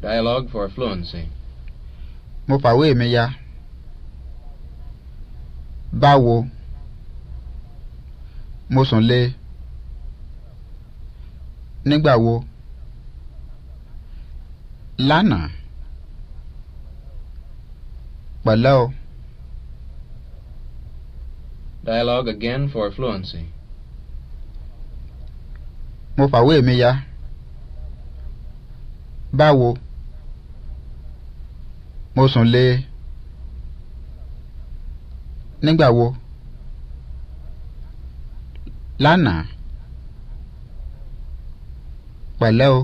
Dialogue for fluency. Mo fàwé mi ya. Báwo? Mo sùn lé. Nígbà wo? Lánàá. Pẹ̀lẹ́ o. Dialogue again for fluency. Mo fàwé mi ya. Báwo? mo sùn lé nígbà wo lánàá pẹ̀lẹ́ o.